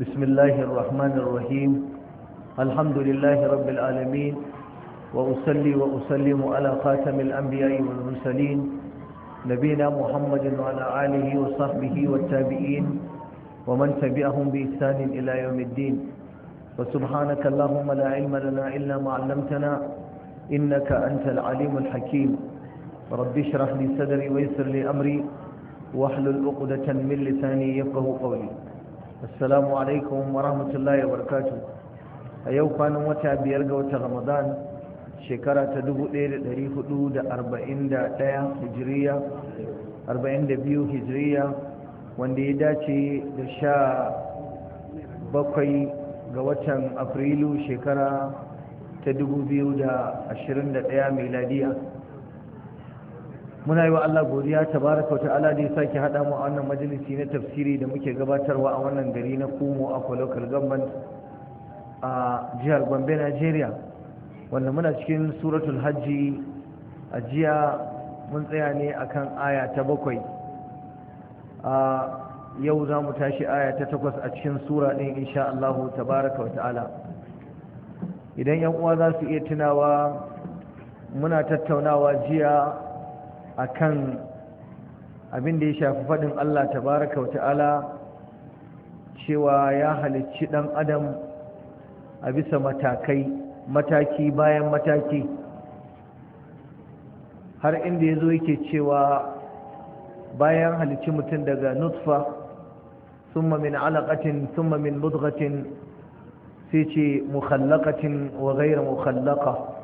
بسم الله الرحمن الرحيم الحمد لله رب العالمين وأصلي وأسلم على خاتم الأنبياء والمرسلين نبينا محمد وعلى آله وصحبه والتابعين ومن تبعهم بإحسان إلى يوم الدين وسبحانك اللهم لا علم لنا إلا ما علمتنا إنك أنت العليم الحكيم رب اشرح لي صدري ويسر لي أمري واحلل عقدة من لساني يفقه قولي assalamu alaikum wa rahmatullahi wa barakatu a yau kwanan wata biyar ga wata ramadan shekara ta 1441 hijiriya 42 hijiriya wanda ya dace da sha bakwai ga watan afrilu shekara ta 2021 miladiya muna yi wa Allah godiya tabaraka ta'ala da ya sake haɗa mu a wannan majalisi na tafsiri da muke gabatarwa a wannan gari na Kumo a Local Government a jihar Gombe Nigeria wanda muna cikin suratul hajji a jiya mun tsaya ne akan aya ta bakwai a yau za mu tashi aya ta takwas a cikin sura ɗin insha Allah kauta ta'ala idan yan uwa za su iya tunawa muna tattaunawa jiya akan abin da ya shafi faɗin Allah tabaraka wata'ala cewa ya halicci ɗan adam a bisa matakai mataki bayan mataki har inda ya zo yake cewa bayan halicci mutum daga nutfa summa min alaƙatin summa min mudgatin sai ce mukhallaqatin wa ghayra mukhallaqa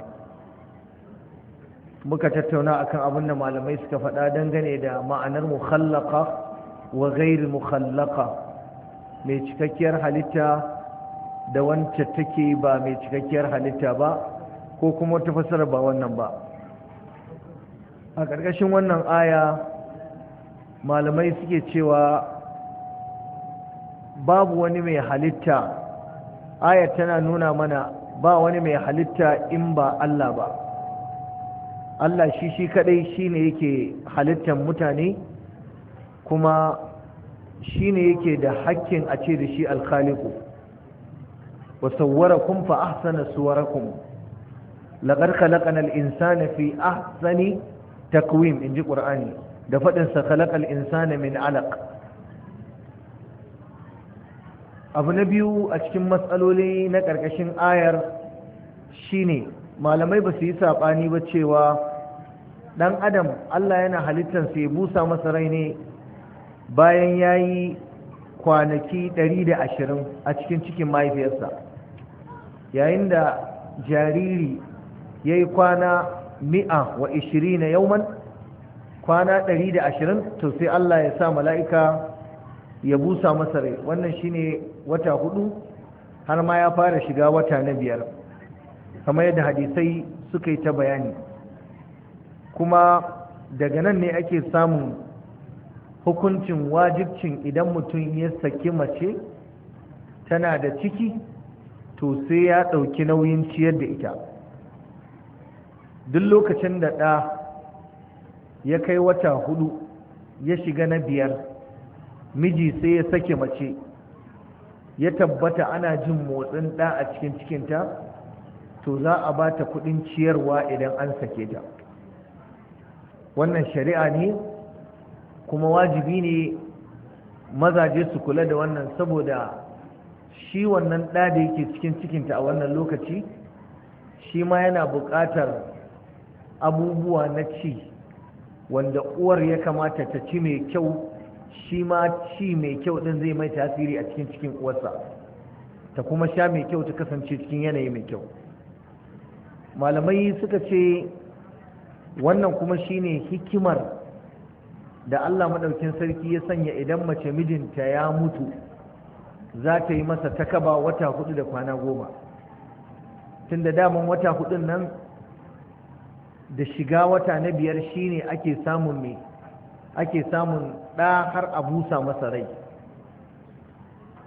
muka tattauna akan abin da malamai suka faɗa dangane da ma'anar mukhallaka wa ghairi mukhallaka mai cikakkiyar halitta da wance take ba mai cikakkiyar halitta ba ko kuma tafasar fasara ba wannan ba a ƙarƙashin wannan aya malamai suke cewa babu wani mai halitta aya tana nuna mana ba wani mai halitta in ba Allah ba Allah shi shi kadai shine yake halittar mutane kuma shine yake da hakkin a ce da shi alkaliku wa sawwarakum fa ahsana suwarakum laqad khalaqana al fi ahsani takwim inji ƙur'ani, da faɗinsa sa khalaqal insana min alaƙ. abu na biyu a cikin matsaloli na ƙarƙashin ayar shine malamai ba su yi saɓani ba cewa ɗan adam Allah yana halittarsa ya busa masa rai ne bayan ya yi kwanaki 120 a cikin cikin mahaifiyarsa yayin da jariri ya yi kwana mi'a wa ishiri na yauman kwana 120 to sai Allah ya sa mala'ika ya busa masa rai wannan shine wata hudu har ma ya fara shiga wata na biyar kamar yadda hadisai suka yi ta bayani kuma daga nan ne ake samun hukuncin wajibcin idan mutum ya saki mace tana da ciki to sai ya ɗauki nauyin ciyar da ita duk lokacin da ɗa ya kai wata hudu ya shiga na biyar miji sai ya sake mace ya tabbata ana jin motsin ɗa a cikin cikinta to za a ba ta kudin ciyarwa idan an sake ta wannan shari'a ne kuma wajibi ne mazaje su kula da wannan saboda shi wannan ɗa da yake cikin cikinta a wannan lokaci shi ma yana buƙatar abubuwa na ci wanda uwar ya kamata ta ci mai kyau shi ma ci mai kyau ɗin zai mai tasiri a cikin cikin uwarsa ta kuma sha mai kyau ta kasance cikin yanayi mai kyau malamai suka ce wannan kuma shine hikimar da Allah Maɗaukin sarki ya sanya idan mace mijinta ya mutu za ta yi masa takaba wata hudu da kwana goma tun da daman wata hudun nan da shiga wata na biyar shine ake samun mai ake samun ɗa har a busa masa rai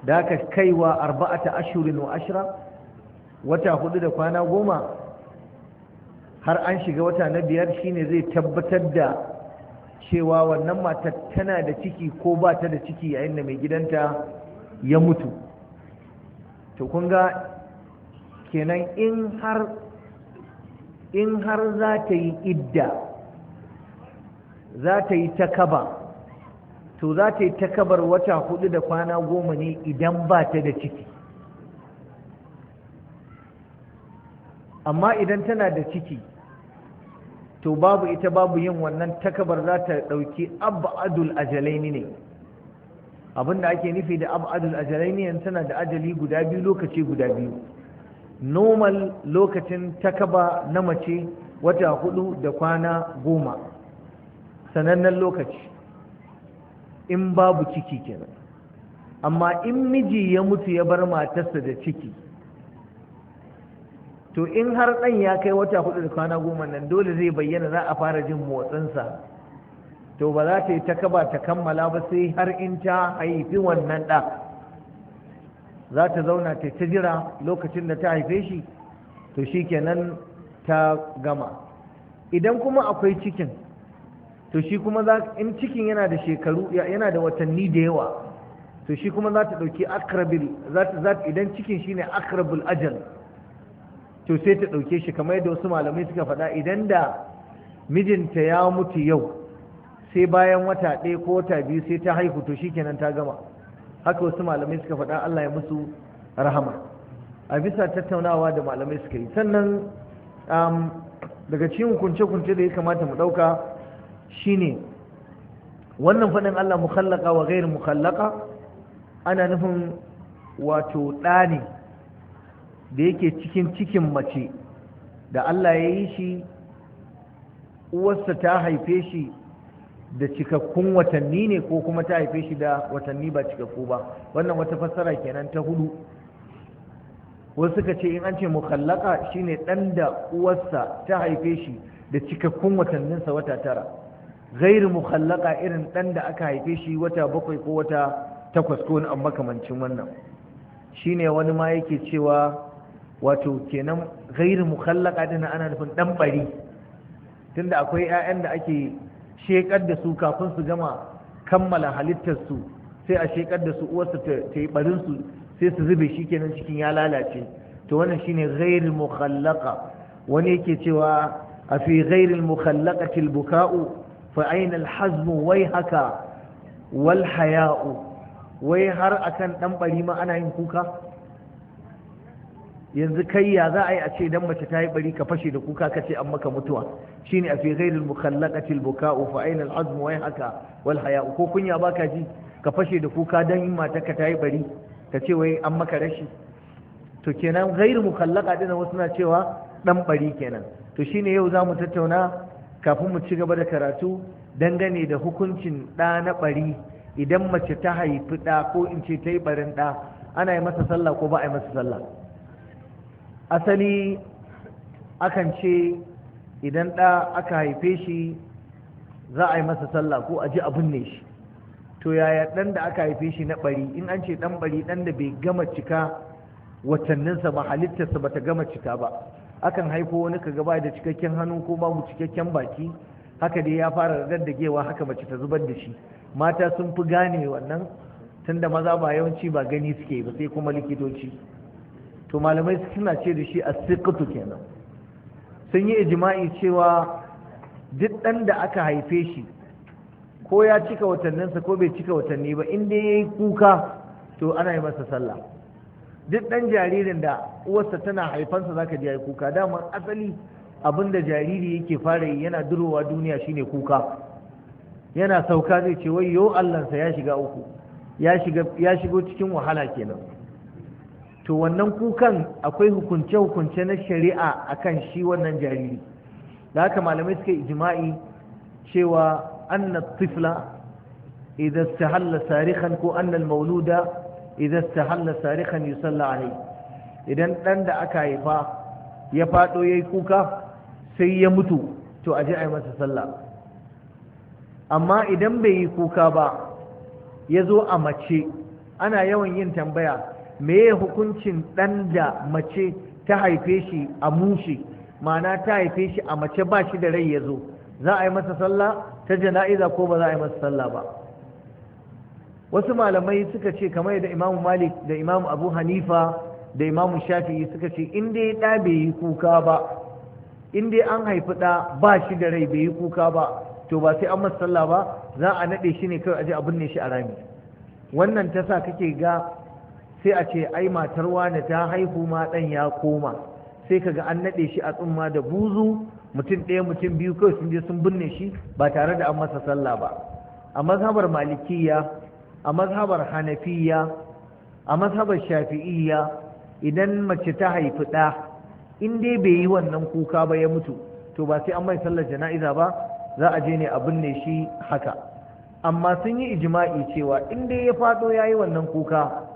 da aka kaiwa arba'ata ashirin wa ashira wata hudu da kwana goma har an shiga wata na biyar shine zai tabbatar da cewa wannan matar tana da ciki ko ba ta da ciki yayin da mai gidanta ya mutu to kun ga kenan in har in har za ta yi idda za ta yi takaba to za ta yi takabar wata hudu da kwana goma ne idan ba ta da ciki amma idan tana da ciki to babu ita babu yin wannan takabar za ta ɗauki abadul ajalaini ne abinda ake nufi da abadul ajalaini yan tana da ajali guda biyu lokaci guda biyu normal lokacin takaba na mace wata hudu da kwana goma sanannen lokaci in babu ciki kenan amma in miji ya mutu ya bar matarsa da ciki to in har ɗan ya kai wata hudu da kwana goma nan dole zai bayyana za a fara jin motsinsa to ba za ta yi ta kaba ta kammala ba sai har in ta haifi wannan ɗa za ta zauna ta ta jira lokacin da ta haife shi to shi kenan ta gama idan kuma akwai cikin to shi kuma za in cikin yana da shekaru yana da watanni da yawa to shi kuma za ta ɗauki akrabil idan cikin shine akrabil ajal to sai ta ɗauke shi kamar yadda wasu malamai suka faɗa idan da mijinta ya mutu yau sai bayan wata ɗaya ko wata biyu sai ta haihu to kenan ta gama haka wasu malamai suka faɗa Allah ya musu rahama a bisa tattaunawa da malamai suka yi sannan um, daga cikin kunce-kunce da ya kamata mu ɗauka shine wannan faɗin Allah mukhallaka wa gairin mukhallaka ana nufin wato ɗa ne da yake cikin cikin mace da Allah ya yi shi uwarsa ta haife shi da cikakkun watanni ne ko kuma ta haife shi da watanni ba cikakku ba wannan wata fassara kenan ta hudu wasu suka ce in an ce mukallaka shine dan da uwarsa ta haife shi da cikakkun watanninsa wata tara gairu mukallaka irin dan da aka haife shi wata bakwai ko wata takwas ko wani makamancin wannan shine wani ma yake cewa wato kenan gairu mukhallaka dana ana nufin dan bari tunda akwai 'ya'yan da ake shekar da su kafin su gama kammala halittar su sai a shekar da su uwarsu ta yi barin su sai su zube shi kenan cikin ya lalace to wannan shine gairu mukhallaka wani yake cewa a fi gairu mukhallaqati buka'u fa aina hazmu wai haka wal haya'u wai har akan dan bari ma ana yin kuka yanzu kai ya za a yi a ce dan mace ta yi bari ka fashe da kuka ka an maka mutuwa shine a fi ghairil mukhallaqati al fa ayna al wa haka wal haya'u ko kunya baka ji ka fashe da kuka dan in mata ka ta yi bari ka ce wai an maka rashi to kenan ghairu mukhallaqa dinan wasu na cewa dan bari kenan to shine yau za mu tattauna kafin mu ci gaba da karatu dangane da hukuncin ɗa na bari idan mace ta haifi ɗa ko in ce ta yi ɓarin ɗa ana yi masa sallah ko ba a yi masa sallah asali akan ce idan ɗa aka haife shi za a yi masa sallah ko a ji a ne shi to yaya ɗan da aka haife shi na bari in an ce ɗan bari ɗan da bai gama cika watanninsa ba halittarsa bata gama cika ba akan haifo wani ka gaba da cikakken hannu ko babu cikakken baki haka dai ya fara daddagewa haka mace ta zubar da shi mata sun fi gane wannan tunda maza ba yawanci ba gani suke ba sai kuma likitoci to malamai suna ce da shi a siƙutu kenan sun yi ijima'i cewa duk ɗan da aka haife shi ko ya cika watanninsa ko bai cika watanni ba inda ya yi kuka to ana yi masa sallah duk ɗan jaririn da uwarsa tana haifansa ka ji ya yi kuka dama asali abin da jariri yake fara yi yana durowa duniya shine kuka yana sauka zai ce wai yo allansa ya shiga uku ya shigo cikin wahala kenan to wannan kukan akwai hukunce-hukunce na shari'a akan shi wannan jariri da haka malamai suka ijima'i cewa anna tifla idan halla sarihan ko mauluda idan halla sarihan yusalla alai idan ɗan da aka haifa ya ya yayi kuka sai ya mutu to a yi masa sallah amma idan bai yi kuka ba ya zo a mace ana yawan yin tambaya meye hukuncin ɗan da mace ta haife shi a mushe ma'ana ta haife shi a mace ba shi da rai ya zo za a yi masa sallah ta jana'iza ko ba za a yi masa sallah ba wasu malamai suka ce kamar da imamu malik da imamu abu hanifa da imamu shafi'i suka ce in dai ɗa bai yi kuka ba in dai an haifi ɗa ba shi da rai bai yi kuka ba to ba sai an masa sallah ba za a naɗe shi ne kawai a je a binne shi a rami wannan ta sa kake ga sai a ce ai matar wani ta haihu ma ɗan ya koma sai kaga an naɗe shi a tsumma da buzu mutum ɗaya mutum biyu kawai sun je sun binne shi ba tare da an masa sallah ba a mazhabar malikiya a mazhabar hanafiya a mazhabar shafi'iyya idan mace ta haifi ɗa in dai bai yi wannan kuka ba ya mutu to ba sai an mai sallar jana'iza ba za a je ne a binne shi haka amma sun yi ijima'i cewa in dai ya faɗo ya yi wannan kuka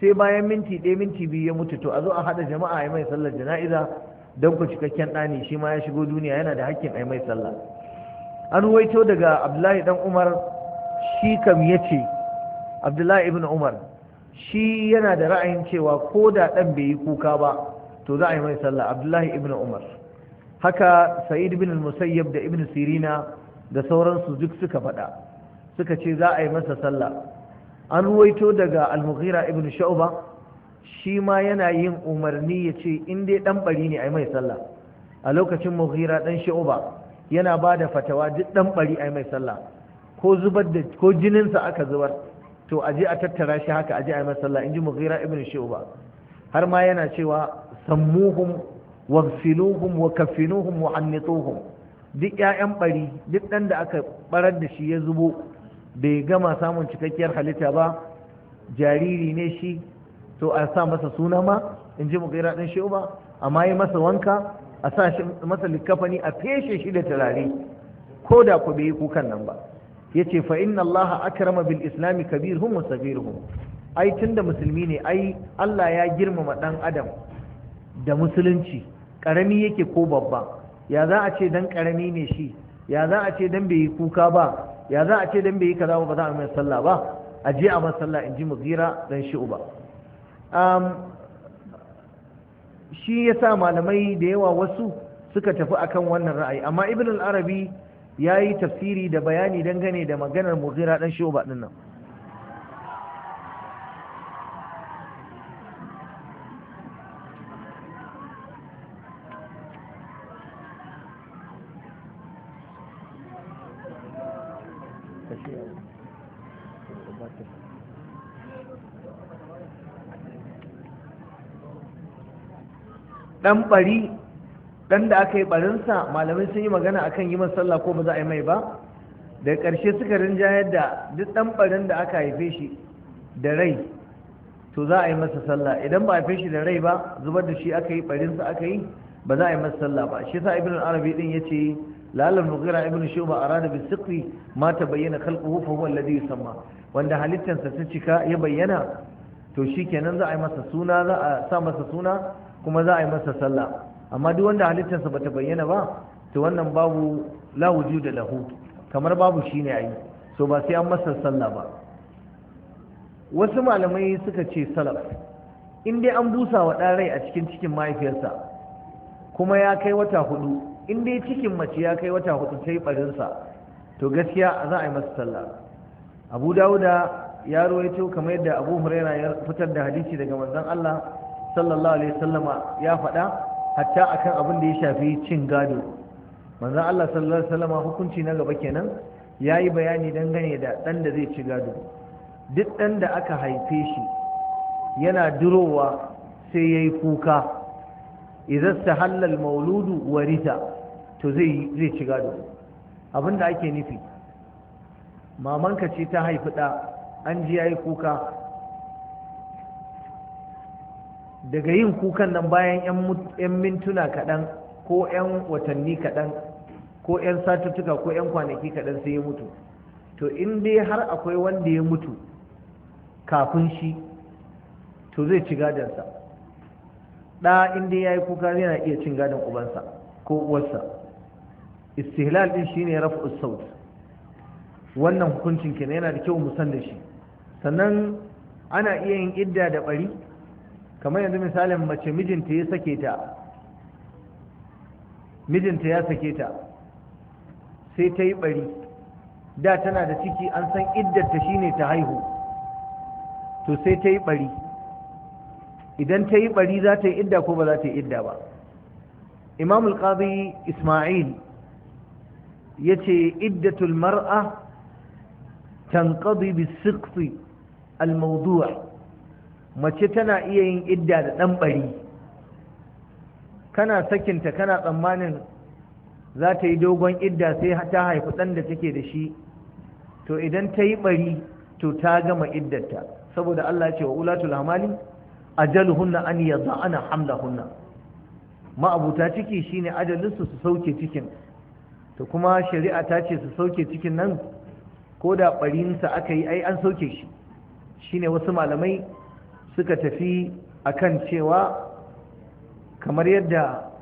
sai bayan minti ɗaya minti biyu ya mutu to a zo a haɗa jama'a ya mai sallar jana'iza don ku cikakken ɗani shi ma ya shigo duniya yana da hakkin a mai sallah an waito daga abdullahi Ɗan umar shi kam ya ce abdullahi ibn umar shi yana da ra'ayin cewa ko da ɗan bai yi kuka ba to za a yi mai sallah abdullahi ibn umar haka sa'id ibn musayyab da ibn sirina da sauransu duk suka faɗa suka ce za a yi masa sallah an ruwaito daga al ibn shu'ba shi ma yana yin umarni ya ce in dai ɗan bari ne yi mai sallah a lokacin mughira dan sha'uba yana bada fatawa duk dan bari yi mai sallah ko zubar da ko jinin sa aka zubar to aje a tattara shi haka aje yi mai sallah ji mughira ibn shu'ba har ma yana cewa sammuhum wagsiluhum wa kaffinuhum wa annituhum duk ƴaƴan bari duk ɗan da aka barar da shi ya zubo bai gama samun cikakkiyar halitta ba jariri ne shi to a sa masa suna ma in ji mugaira ɗin shi ba amma yi masa wanka a sa masa likafani a feshe shi da turare ko da ku bai yi kukan nan ba ya ce fa inna allaha akrama bil islami hun musafir hun ai tun da musulmi ne ai Allah ya girmama ɗan adam da musulunci ƙarami yake ko babba ya za a ce dan ƙarami ne shi ya za a ce dan bai yi kuka ba ya za a ce dan bai yi kaza ba za a mai sallah ba a je a masa sallah in ji mugira dan shi uba shi ya sa malamai da yawa wasu suka tafi akan wannan ra'ayi amma ibn al-arabi ya yi tafsiri da bayani dangane da maganar mugira dan shi'uba din nan ɗan ɓari ɗan da aka yi barinsa malamai sun yi magana akan yi sallah ko ba za a yi mai ba da ƙarshe suka rinjayar da duk ɗan ɓarin da aka haife shi da rai to za a yi masa sallah idan ba a haife shi da rai ba zubar da shi aka yi ɓarinsa aka yi ba za a yi masa sallah ba shi sa ibn arabi din ya ce lalar mugira ibn shuba a ranar bisikri ma ta bayyana kalɓuhu fa huwa alladhi yusamma wanda halittansa ta cika ya bayyana to shikenan za a yi masa suna za a sa masa suna kuma za a yi masa sallah amma duk wanda halittarsa bata bayyana ba to wannan babu la wujuda lahu kamar babu shine ayi so ba sai an masa sallah ba wasu malamai suka ce salaf in dai an busa wa ɗan rai a cikin cikin mahaifiyarsa kuma ya kai wata hudu in dai cikin mace ya kai wata hudu sai yi ɓarinsa to gaskiya za a yi masa sallah abu dawuda ya rawaito kamar yadda abu huraira ya fitar da hadisi daga manzon allah sallallahu alaihi wasallama ya faɗa hatta akan abin da ya shafi cin gado manzon Allah sallallahu alaihi wasallama hukunci na gaba kenan yayi bayani dangane da dan da zai ci gado duk ɗan da aka haife shi yana durowa sai yayi kuka idan sahalla al-mauludu warita to zai ci gado abinda ake nufi mamanka ce ta haifi ɗa, an ji yayi kuka daga yin kukan nan bayan 'yan mintuna kaɗan ko 'yan watanni kaɗan ko 'yan satuttuka ko 'yan kwanaki kaɗan sai ya mutu to in dai har akwai wanda ya mutu kafin shi to zai ci gadansa ɗa dai ya yi kuka yana iya cin gadon ubansa ko uwarsa istihlal ɗin ya rafa saut wannan hukuncin kenan yana da kyau mu san da shi sannan ana iya yin idda da bari kamar yanzu misalin mace mijinta ya sake ta mijinta ya sake ta sai ta yi bari da tana da ciki an san iddarta shine ta haihu to sai ta yi bari idan ta yi bari za ta yi idda ko ba za ta yi idda ba imamul qadi isma'il ya ce iddatul mar'a tanqadi bis al-mawdu' mace tana iya yin idda da ɗan ɓari kana sakinta kana tsammanin za ta yi dogon idda sai ta haifi ɗan da take da shi to idan ta yi ɓari to ta gama iddarta saboda Allah ce wa ulatul hamali ajaluhunna an yadha'ana hamlahunna ma'abuta ciki shine ajalinsu su sauke cikin to kuma shari'a ta ce su sauke cikin nan ko da ɓarinsa aka yi ai an sauke shi shine wasu malamai suka tafi akan cewa kamar yadda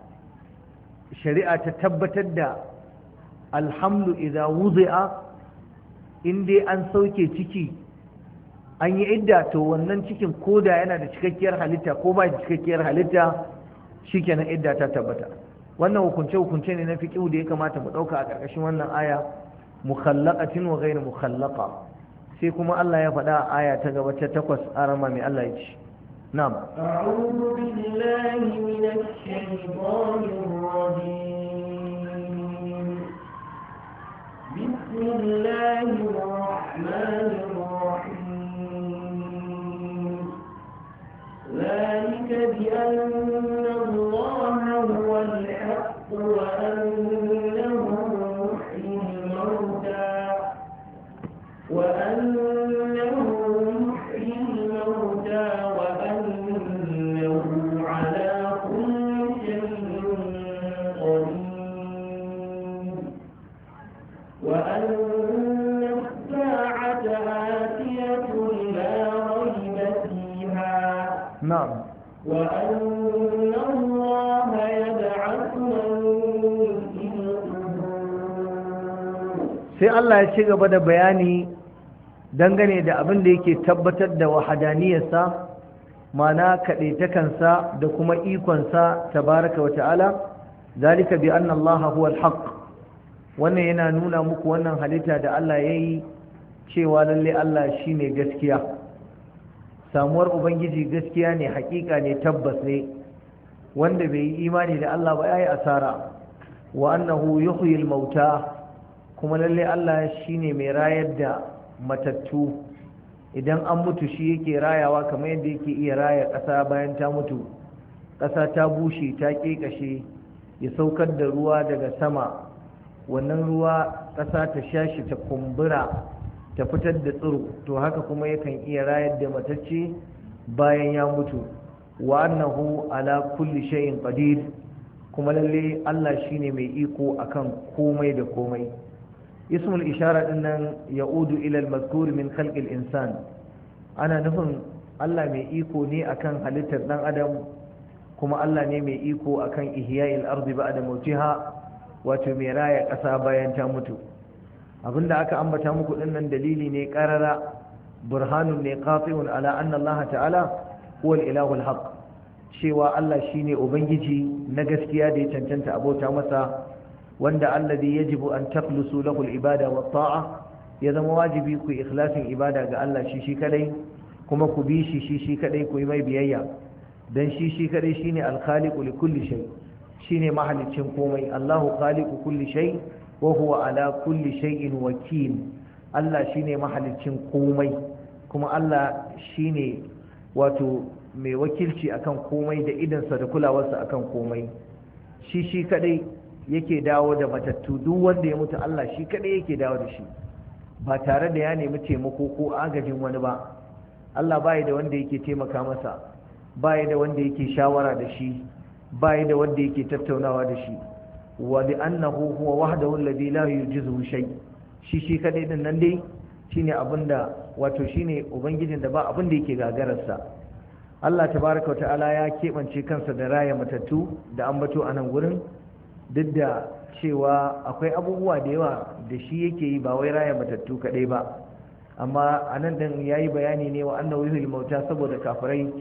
shari'a ta tabbatar da alhamdu idza wuzi'a in dai an sauke ciki an yi idda to wannan cikin koda yana da cikakkiyar halitta ko ba da cikakkiyar halitta shikenan idda ta tabbata wannan hukunce hukunce ne na fiqhu da ya kamata mu dauka a karkashin wannan aya mukhallaqatin wa ghayr mukhallaqa sai kuma Allah ya faɗa a aya ta gaba ta takwas a rama mai Allah ya ci. Na'am. A'udhu billahi minash shaytanir rajim. Bismillahir rahmanir Allah ya ci gaba da bayani dangane da abin da yake tabbatar da wahadaniyarsa mana kaɗaitakansa da kuma ikonsa tabaraka wa ta'ala zalika bi anna Allah huwa al-haq wannan yana nuna muku wannan halitta da Allah yayi cewa lalle Allah shine gaskiya samuwar ubangiji gaskiya ne hakika ne tabbas ne wanda bai yi imani da Allah ba yayi asara wa annahu yuhyi al-mauta kuma lalle Allah shi ne mai rayar da matattu idan an mutu shi yake rayawa kamar yadda yake iya raya ƙasa bayan ta mutu ƙasa ta bushe ta ƙeƙashe ya saukar da ruwa daga sama wannan ruwa ƙasa ta sha shi ta kumbura ta fitar da tsiro to haka kuma yakan iya rayar da matacce bayan ya mutu wa annahu ala kulli shay'in qadir kuma lalle Allah shine mai iko akan komai da komai ismul ishara ɗinnan nan ya'udu ilal al-mazkur min khalq insan ana nufin Allah mai iko ne akan halittar ɗan adam kuma Allah ne mai iko akan ihya'il ardi ba'da mautiha wato mai raya ƙasa bayan ta mutu Abin da aka ambata muku ɗinnan dalili ne karara burhanun ne qati'un ala anna Allah ta'ala huwa al-ilahu al-haq cewa Allah shine ubangiji na gaskiya da ya cancanta abota masa wanda alladhi yajibu an taqlusu lahu al-ibada wa ta'a ya zama wajibi ku ikhlasin ibada ga Allah shi shi kadai kuma ku bi shi shi shi kadai ku yi mai biyayya dan shi shi kadai shine al-khaliqu li kulli shay shine mahalicin komai Allahu khaliqu kulli shay wa huwa ala kulli shay'in wakil Allah shine mahalicin komai kuma Allah shine wato mai wakilci akan komai da sa da kulawarsa akan komai shi shi kadai yake dawo da matattu duk wanda ya mutu Allah shi kadai yake dawo da shi ba tare da ya nemi taimako ko agajin wani ba Allah bai da wanda yake taimaka masa bai da wanda yake shawara da shi bai da wanda yake tattaunawa da shi wa bi annahu huwa wahdahu alladhi la yujizuhu shay shi shi kadai din nan dai shine abinda wato shine ubangijin da ba abinda yake gagararsa Allah tabaraka wa ta'ala ya keɓance kansa da raya matattu da ambato a nan gurin duk da cewa akwai abubuwa da yawa da shi yake yi ba wai raya matattu kaɗai ba amma a nan ɗin ya yi bayani ne wa annan wihul mauta saboda kafirai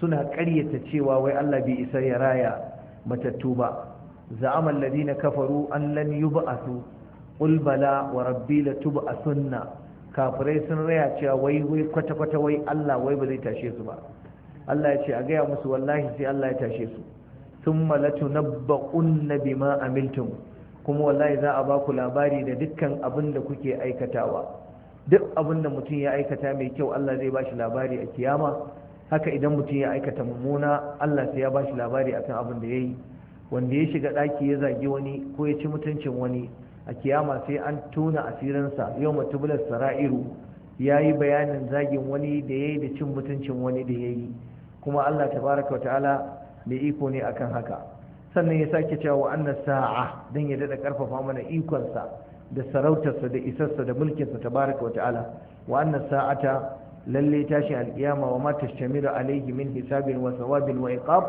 suna karyata cewa wai allah bai isa ya raya matattu ba za'amal ladina kafaru an lan yub'athu qul bala wa rabbi sunna. kafirai sun raya cewa wai wai kwata kwata wai allah wai ba zai tashe su ba allah ya ce a gaya musu wallahi sai allah ya tashe su thumma latunabba'unna bima amiltum kuma wallahi za a baku labari da dukkan abin da kuke aikatawa duk abin da mutum ya aikata mai kyau Allah zai bashi labari a kiyama haka idan mutum ya aikata mummuna Allah sai ya bashi labari akan abin da yayi wanda ya shiga daki ya zagi wani ko ya ci mutuncin wani a kiyama sai an tona asirinsa yau mutubul sara'iru ya yi bayanin zagin wani da yayi da cin mutuncin wani da yayi kuma allah tabaraka wa ta'ala mai iko ne akan haka sannan ya sake cewa annas sa'a dan ya dada ƙarfafa mana ikonsa da sarautarsa da isarsa da mulkinsa tabaraka wa ta'ala wa annas sa'ata lalle tashin alkiyama wa ma tashtamiru alaihi min hisabin wa sawabin wa iqab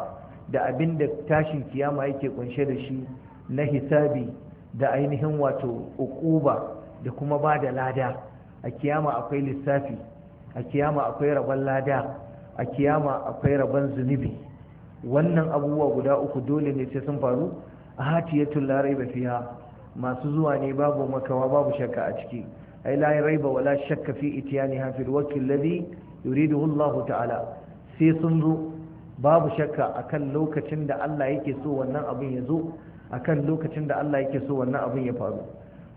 da abinda tashin kiyama yake kunshe da shi na hisabi da ainihin wato uquba da kuma ba da lada a kiyama akwai lissafi a kiyama akwai rabon lada a kiyama akwai rabon zunubi wannan abubuwa guda uku dole ne sai sun faru a hatiyatul la raiba fiya. masu zuwa ne babu makawa babu shakka a ciki ai la ba wala shakka fi itiyaniha fil waqti alladhi yuriduhu Allah ta'ala sai sun zo babu shakka akan lokacin da Allah yake so wannan abin ya zo akan lokacin da Allah yake so wannan abin ya faru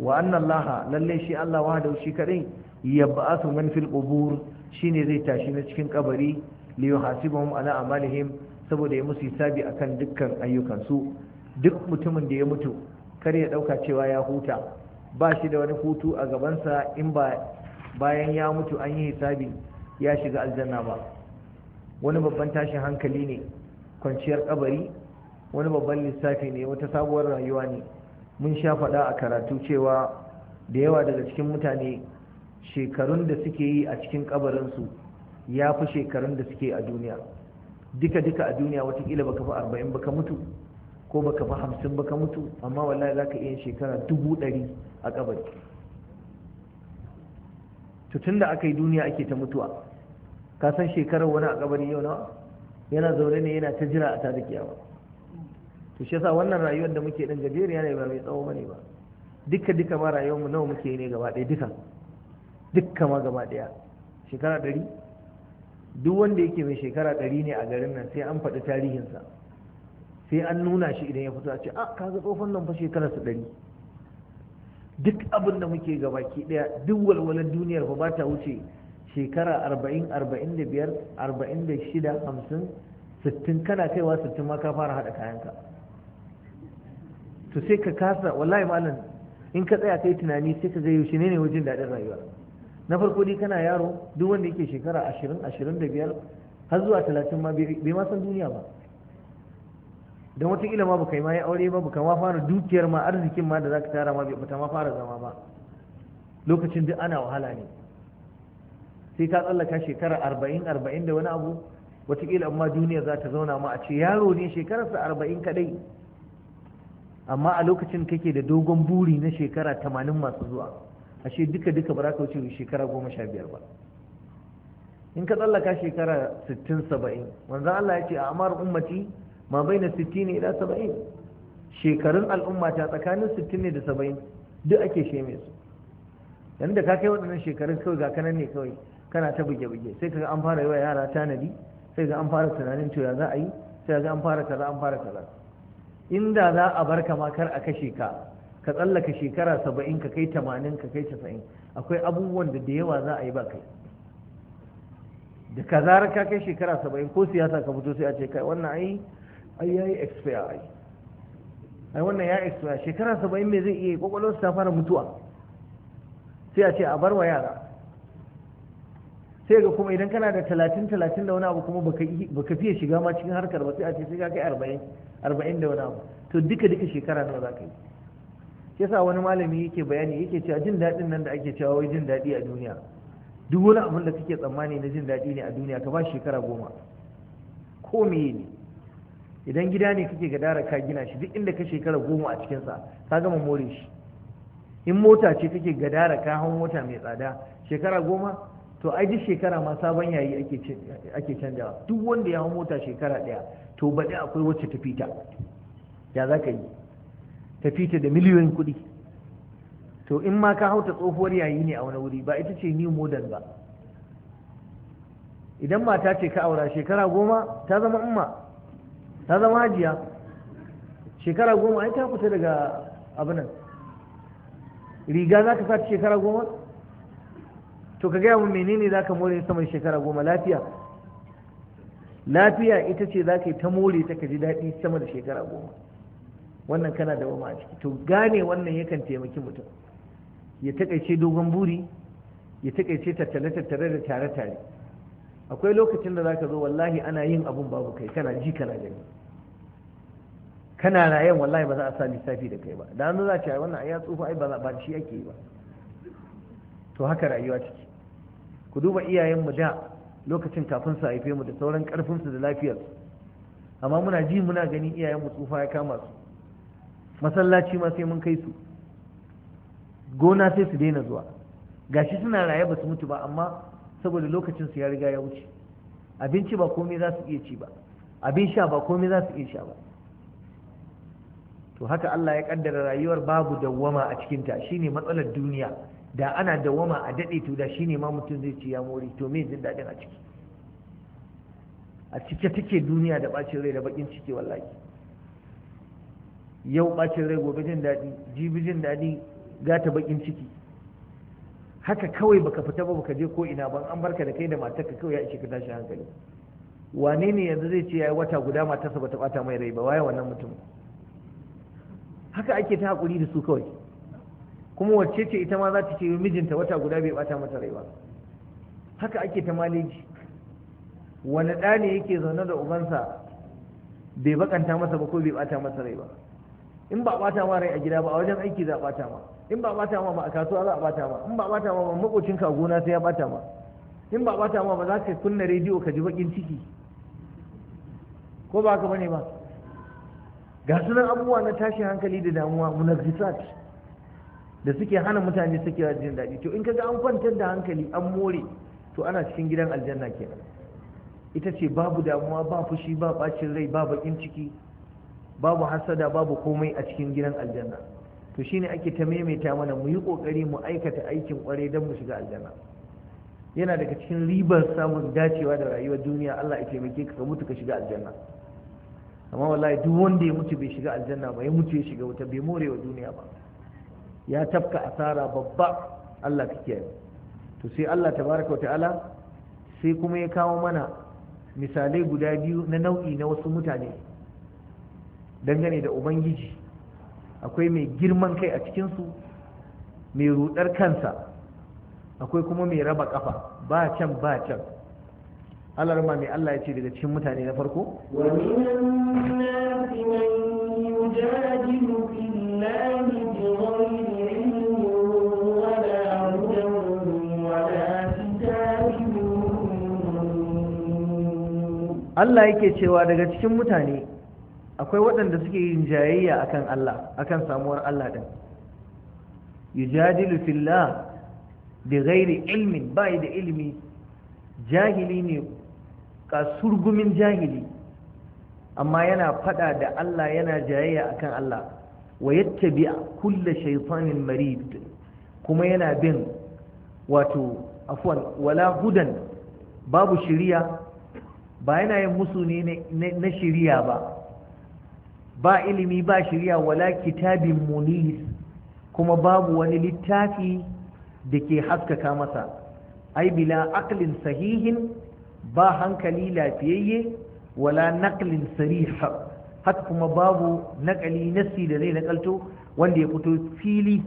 wa anna Allah lalle shi Allah wahdahu shi kadai yab'athu man fil qubur shine zai tashi na cikin kabari li yuhasibahum ala amalihim saboda ya musu hisabi a kan dukkan ayyukansu duk mutumin da ya mutu kar ya ɗauka cewa ya huta ba shi da wani hutu a gabansa in ba bayan ya mutu an yi hisabi ya shiga aljanna ba wani babban tashin hankali ne kwanciyar kabari wani babban lissafi ne wata sabuwar rayuwa ne mun sha faɗa a karatu cewa da yawa daga cikin mutane shekarun da suke yi a cikin kabarinsu ya fi shekarun da suke a duniya duka duka a duniya watakila baka fi arba'in baka mutu ko baka fi hamsin baka mutu amma wallahi za ka iya shekara dubu ɗari a kabari tutun da aka yi duniya ake ta mutuwa ka san shekarar wani a kabari yau nawa yana zaune ne yana ta jira a ta dake yawa to shi yasa wannan rayuwar da muke din gajeriya ne ba mai tsawo ne ba duka duka ma rayuwar mu nawa muke ne gaba ɗaya duka duka ma gaba ɗaya shekara ɗari duk wanda yake mai shekara ɗari ne a garin nan sai an faɗi tarihinsa sai an nuna shi idan ya fito a ce a ah, kaga tsofan nan fa shekara su ɗari duk abin da muke gabaki ɗaya duk walwalar duniyar fa ba ta wuce shekara arba'in arba'in da biyar arba'in da shida hamsin sittin kana kaiwa sittin ma ka fara haɗa kayanka to sai ka kasa wallahi malam in ka tsaya kai tunani sai ka ga yaushe ne ne wajen daɗin rayuwa na farko dai kana yaro duk wanda yake shekara ashirin ashirin da biyar har zuwa talatin ma bai ma san duniya ba don watakila ma baka yi ma ya aure ba baka ma fara dukiyar ma arzikin ma da za ka tara ma bai bata ma fara zama ba lokacin duk ana wahala ne sai ka tsallaka shekara arba'in arba'in da wani abu watakila amma duniya za ta zauna ma a ce yaro ne shekararsa arba'in kadai amma a lokacin kake da dogon buri na shekara tamanin masu zuwa ashe duka duka ba za ka wuce shekara goma sha biyar ba in ka tsallaka shekara sittin saba'in wanzu Allah ya ce a amar ummati ma bai na sittin ne ila saba'in shekarun al'umma ta tsakanin sittin ne da saba'in duk ake sheme su yan da ka kai waɗannan shekarun kawai ga kanan ne kawai kana ta buge-buge sai kaga an fara yawa yara tanadi sai ga an fara tunanin to ya za a yi sai ga an fara kaza an fara kaza inda za a bar ka ma kar a kashe ka ka tsallaka shekara saba'in ka kai tamanin ka kai casa'in akwai abubuwan da da yawa za a yi ba kai da ka zara ka kai shekara saba'in ko siyasa ka fito sai a ce kai wannan ai ai ya yi expire ai ai wannan ya expire shekara saba'in me zai iya yi kwakwalwarsu ta fara mutuwa sai a ce a bar wa yara sai ga kuma idan kana da talatin talatin da wani abu kuma baka fiye shiga ma cikin harkar ba sai a ce sai ka kai arba'in arba'in da wani abu to duka duka shekara nawa za ka yi kisa wani malami yake bayani yake cewa jin daɗin nan da ake cewa wai jin daɗi a duniya duk wani abin da kake tsammani na jin daɗi ne a duniya ka ba shekara goma ko meye ne idan gida ne kake gadara ka gina shi duk inda ka shekara goma a cikinsa ka gama more shi in mota ce kake gadara ka hau mota mai tsada shekara goma to ai duk shekara ma sabon yayi ake canjawa duk wanda ya hau mota shekara ɗaya to baɗi akwai wacce ta fita ya za ka yi ta fita da miliyoyin kuɗi to in ma ka hauta tsohuwar yayi ne a wani wuri ba ita ce new modern ba idan mata ce ka aura shekara goma ta zama umma ta zama hajiya shekara goma ai ta fita daga abinan riga za ka sati shekara goma to ka gaya mu menene za ka more saman shekara goma lafiya lafiya ita ce za ka yi ta more ta ka ji daɗi sama da shekara goma wannan kana da wama a ciki to gane wannan yakan taimaki mutum ya takaice dogon buri ya takaice tattale tattare da tare tare akwai lokacin da zaka zo wallahi ana yin abun babu kai kana ji kana gani kana rayan wallahi ba za a sa lissafi da kai ba da an za a wannan ya tsufa ai ba ba shi ake yi ba to haka rayuwa ciki ku duba iyayen mu da lokacin kafin su haife mu da sauran karfin su da lafiyar amma muna ji muna gani iyayen mu tsufa ya kama su masallaci ma sai mun kai su gona sai su daina zuwa gashi suna raye ba su mutu ba amma saboda lokacin su ya riga ya wuce abinci ba komai za su iya ci ba abin sha ba komai za su iya sha ba to haka Allah ya kaddara rayuwar babu dawwama a cikin ta shine matsalar duniya da ana dawwama a daɗe to da shine ma mutum zai ci ya more to me jin daɗin a ciki a cike take duniya da bacin rai da bakin ciki wallahi yau ɓacin rai gobe jin daɗi jibi jin daɗi gata bakin ciki haka kawai baka fita ba baka je ko ina ban an barka da kai da matarka kawai ya ishe ka tashi hankali wane ne yanzu zai ce yayi wata guda matarsa bata bata mai rai ba waye wannan mutum haka ake ta hakuri da su kawai kuma wacce ce ita ma za ta ce mijinta wata guda bai bata mata rai ba haka ake ta maleji wani ɗa ne yake zaune da ubansa bai bakanta masa ba ko bai bata masa rai ba in ba bata ma rai a gida ba a wajen aiki za a bata ma in ba bata ma ba a kasuwa za a bata ma in ba bata ma ba makocin ka gona sai ya bata ma in ba bata ma ba za ka kunna rediyo ka ji bakin ciki ko ba ka bane ba ga sunan abubuwa na tashin hankali da damuwa munafisat da suke hana mutane suke jin daɗi to in kaga an kwantar da hankali an more to ana cikin gidan aljanna kenan ita ce babu damuwa ba fushi ba bacin rai ba bakin ciki babu hasada babu komai a cikin gidan aljanna to shine ake ta maimaita mana mu yi kokari mu aikata aikin kwarai don mu shiga aljanna yana daga cikin ribar samun dacewa da rayuwar duniya Allah ya taimake ka ka mutu ka shiga aljanna amma wallahi duk wanda ya mutu bai shiga aljanna ba ya mutu ya shiga wuta bai more wa duniya ba ya tafka asara babba Allah ka kiyaye to sai Allah tabaraka wa ta'ala sai kuma ya kawo mana misalai guda biyu na nau'i na wasu mutane dangane da ubangiji akwai mai girman kai a cikinsu mai rudar kansa akwai kuma mai raba kafa ba can ba can alarma mai Allah ya ce daga cikin mutane na farko Allah yake cewa daga cikin mutane akwai waɗanda suke yin jayayya akan Allah akan samuwar Allah din yujadilu fillah bi ghairi ilmin bai da ilmi jahili ne surgumin jahili amma yana fada da Allah yana jayayya akan Allah wa yattabi'a kulla shaytanin marid kuma yana bin wato afwan wala hudan babu shiriya ba yana yin musu ne na shiriya ba ba ilimi ba shirya wala kitabin munis kuma babu wani littafi da ke haskaka masa ai bila aklin sahihin ba hankali lafiyayye wala naklin sariha haka kuma babu nakali nassi da zai nakalto wanda ya fito fili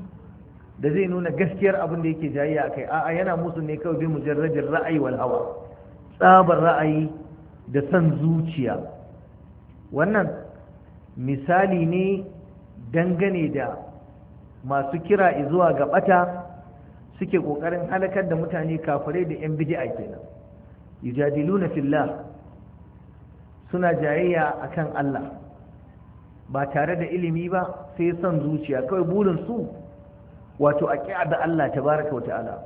da zai nuna gaskiyar abin da yake jayayya a kai a'a yana musu ne kawai bi mujarrajin ra'ayi wal hawa tsabar ra'ayi da son zuciya wannan misali ne dangane da masu kira zuwa ga bata suke kokarin halakar da mutane kafare da yan bidi'a kenan yujadiluna fillah suna jayayya akan Allah ba tare da ilimi ba sai son zuciya kawai burin su wato a da Allah tabaraka wa ta'ala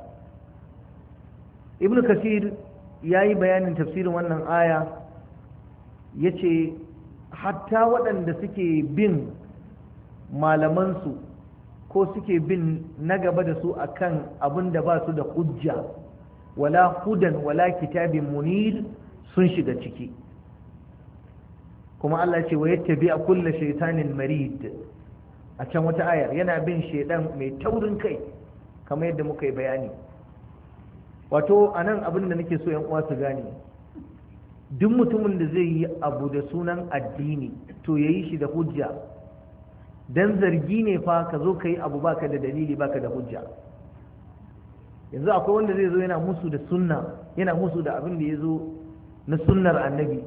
ibnu kasir yayi bayanin tafsirin wannan aya yace hatta waɗanda suke bin malamansu ko suke bin na gaba da su akan abin da ba su da hujja wala hudan wala kitabin munir sun shiga ciki kuma Allah ce wa bi a kulla shaitanin marid a can wata ayar yana bin shaidan mai taurin kai kamar yadda muka yi bayani wato anan abin da nake so yan uwa su gane duk mutumin da zai yi abu da sunan addini to ya yi shi da hujja don zargi ne fa ka zo ka yi abu baka da dalili baka da hujja yanzu akwai wanda zai zo yana musu da sunna yana musu da abin da ya zo na sunnar annabi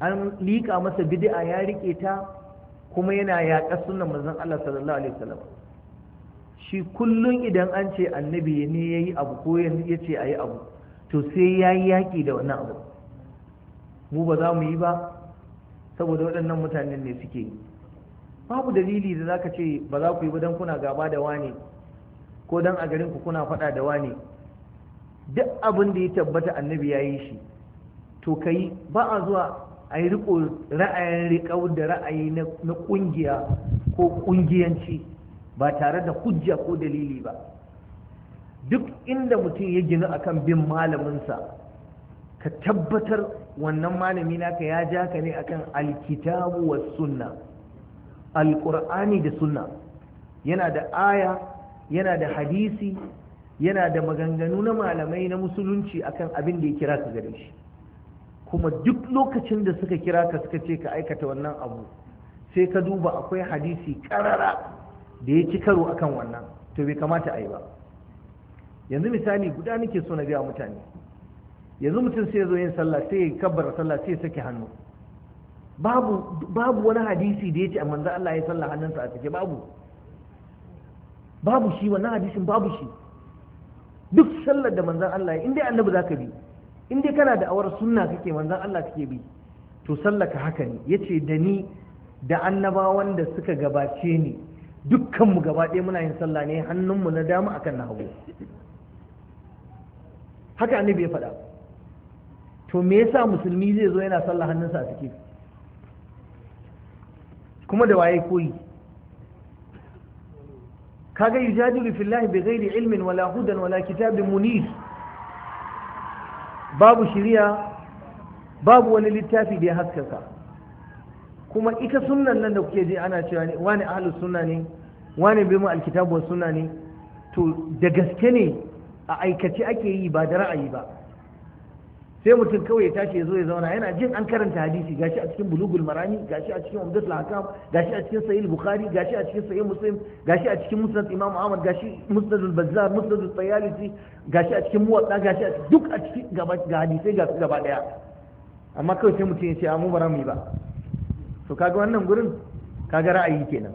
an liƙa masa bid'a ya rike ta kuma yana yaƙa sunnar manzon Allah sallallahu alaihi wasallam shi kullun idan an ce annabi ne yayi abu ko yace ayi abu to sai yayi yaki da wannan abu mu ba za mu yi ba saboda waɗannan mutanen ne suke yi babu dalili da zaka ce ba za ku yi ba don kuna gaba da wani ko don a garin ku kuna faɗa da wani duk abin da ya tabbata annabi ya yi shi to ka yi ba a zuwa a yi riko ra'ayin riƙau da ra'ayi na ƙungiya ko ƙungiyanci ba tare da hujja ko dalili ba duk inda mutum ya gina akan bin malaminsa ka tabbatar wannan malami naka ya ja ka ne akan alkitabu was sunna alqur'ani da sunna yana da aya yana da hadisi yana da maganganu na malamai na musulunci akan abin da ya kira ka gare shi kuma duk lokacin da suka kira ka suka ce ka aikata wannan abu sai ka duba akwai hadisi karara da ya ci karo akan wannan to bai kamata a yi ba yanzu misali guda nake so na gaya mutane yanzu mutum sai zo yin sallah sai ya kabbar sallah sai ya saki hannu babu babu wani hadisi da yace amma manzo Allah ya sallah hannunsa a sake babu babu shi wannan hadisin babu shi duk sallar da manzon Allah ya indai annabi zaka bi indai kana da awar sunna kake manzon Allah kake bi to sallaka haka ne yace da ni da annabawan da suka gabace ni dukkanmu gaba ɗaya muna yin sallah ne hannunmu na dama akan na hagu haka annabi ya faɗa to me yasa musulmi zai zo yana sallah hannunsa a cikin? kuma da waye koyi kaga yujadilu fillahi bighairi ilmin wala hudan wala kitabin munir babu shiriya babu wani littafi da ya haskaka kuma ita sunnan nan da kuke ji ana cewa ne wani ahlus sunna ne wani bi alkitabu sunna ne to da gaske ne a aikace ake yi ba da ra'ayi ba sai mutum kawai ya tashi ya zo ya zauna yana jin an karanta hadisi gashi a cikin bulugul marani gashi a cikin umdatul hakam gashi a cikin sahih bukhari gashi a cikin sahih muslim gashi a cikin musnad imam ahmad gashi al bazzar al tayalisi gashi a cikin muwatta gashi a duk a cikin gaba ga hadisai ga gaba daya amma kawai sai mutum ya ce mu ba mu yi ba to kaga wannan gurin kaga ra'ayi kenan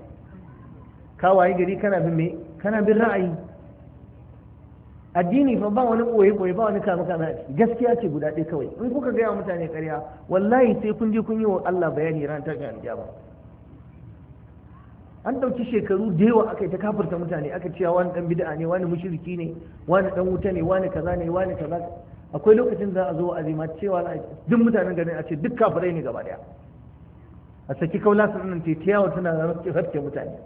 ka wayi gari kana bin me kana bin ra'ayi addini fa ba wani koyi koyi ba wani kama kama gaskiya ce guda ɗaya kawai in kuka gaya mutane ƙarya wallahi sai kun je kun yi wa Allah bayani ran ga ba an ɗauki shekaru da yawa aka yi ta kafirta mutane aka cewa wani ɗan bid'a ne wani mushriki ne wani ɗan wuta ne wani kaza ne wani kaza akwai lokacin za a zo a azima cewa duk mutanen garin a ce duk kafirai ne gaba ɗaya a saki kaula sanan ta yawa tana rafke mutane